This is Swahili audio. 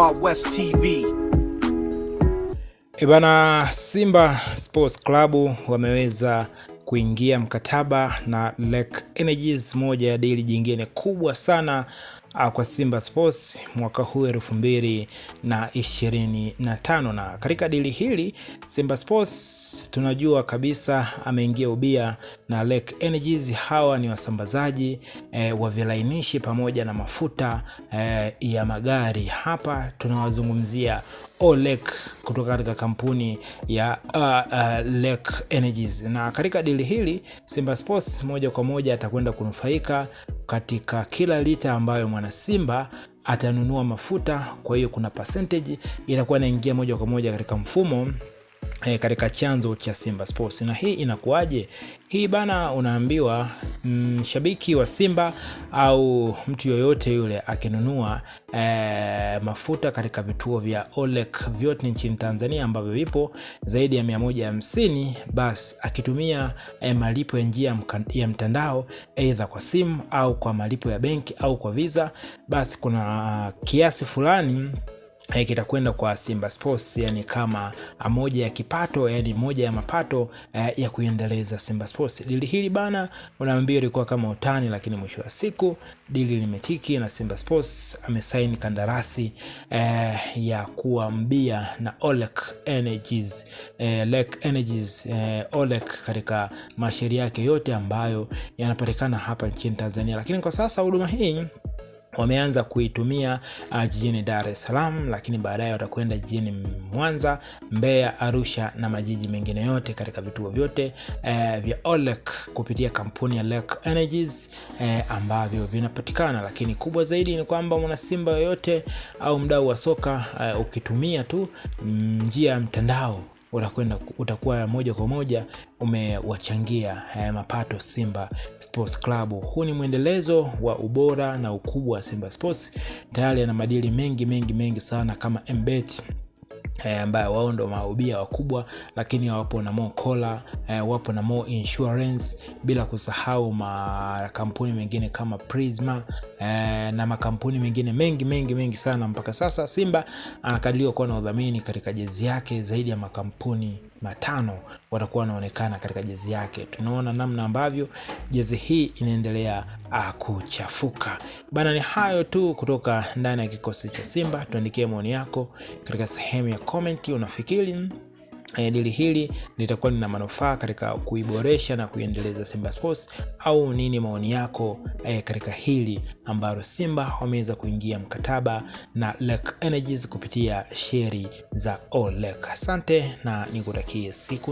Wild West TV. Ebana, Simba Sports Club wameweza kuingia mkataba na Lake Energies, moja ya dili jingine kubwa sana Ah, kwa Simba Sports mwaka huu elfu mbili na ishirini na tano. Na katika dili hili Simba Sports tunajua kabisa ameingia ubia na Lake Energies. Hawa ni wasambazaji e, wa vilainishi pamoja na mafuta e, ya magari. Hapa tunawazungumzia Olek kutoka katika kampuni ya uh, uh, Lake Energies. Na katika dili hili Simba Sports moja kwa moja atakwenda kunufaika katika kila lita ambayo mwanasimba atanunua mafuta. Kwa hiyo kuna percentage inakuwa inaingia moja kwa moja katika mfumo E, katika chanzo cha Simba Sports. Na hii inakuwaje? Hii bana, unaambiwa mshabiki mm, wa Simba au mtu yoyote yule akinunua e, mafuta katika vituo vya Olek vyote nchini Tanzania ambavyo vipo zaidi ya 150, basi akitumia e, malipo ya njia ya mtandao aidha kwa simu au kwa malipo ya benki au kwa Visa, basi kuna ah, kiasi fulani Eh, kitakwenda kwa Simba Sports yani kama moja ya kipato yani moja ya mapato eh, ya kuendeleza Simba Sports. Dili hili bana, unaambia ilikuwa kama utani, lakini mwisho wa siku dili limetiki na Simba Sports amesaini kandarasi eh, ya kuwa mbia na Olek Energies, eh, Lek Energies, eh, Olek katika mashairi yake yote ambayo yanapatikana hapa nchini Tanzania, lakini kwa sasa huduma hii wameanza kuitumia uh, jijini Dar es Salaam, lakini baadaye watakwenda jijini Mwanza, Mbeya, Arusha na majiji mengine yote katika vituo vyote eh, vya Olek kupitia kampuni ya Lake Energies eh, ambavyo vinapatikana. Lakini kubwa zaidi ni kwamba mwanasimba yoyote au mdau wa soka uh, ukitumia tu mm, njia ya mtandao utakwenda utakuwa moja kwa moja umewachangia haya mapato Simba Sports Club. Huu ni mwendelezo wa ubora na ukubwa wa Simba Sports. Tayari ana madili mengi mengi mengi sana kama Mbet eh, ambayo wao ndo maubia wakubwa, lakini wapo na more cola eh, wapo na more insurance, bila kusahau makampuni mengine kama Prisma eh, na makampuni mengine mengi mengi mengi sana. Mpaka sasa Simba anakadiriwa kuwa na udhamini katika jezi yake zaidi ya makampuni matano watakuwa wanaonekana katika jezi yake. Tunaona namna ambavyo jezi hii inaendelea ah, kuchafuka bana. Ni hayo tu kutoka ndani ya kikosi cha Simba. Tuandikie maoni yako katika sehemu ya comment. Unafikiri E, dili hili litakuwa lina manufaa katika kuiboresha na kuiendeleza Simba Sports au nini maoni yako e, katika hili ambalo Simba wameweza kuingia mkataba na Lake Energies kupitia sheri za olek Asante na nikutakie siku